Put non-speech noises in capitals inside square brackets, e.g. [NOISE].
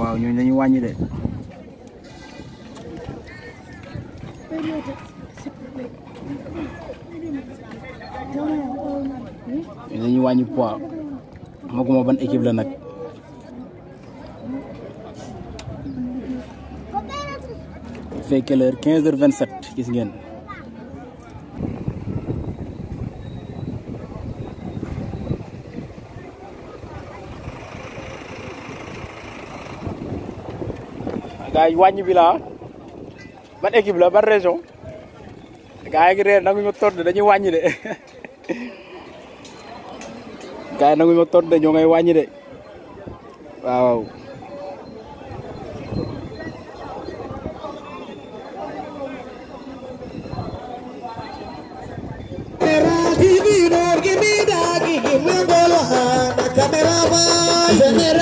waaw ñoo dañuy wàññi de dañuy wàññi poids moo ko ban équipe la nag fekke l'heure quinze heures vingt-sept gis ngeen gars yi wàññi bi la ban équipe la ban région gars yi ngi ma todd dañuy wàññi de [LAUGHS] gars yi de ñoo ngay de waaw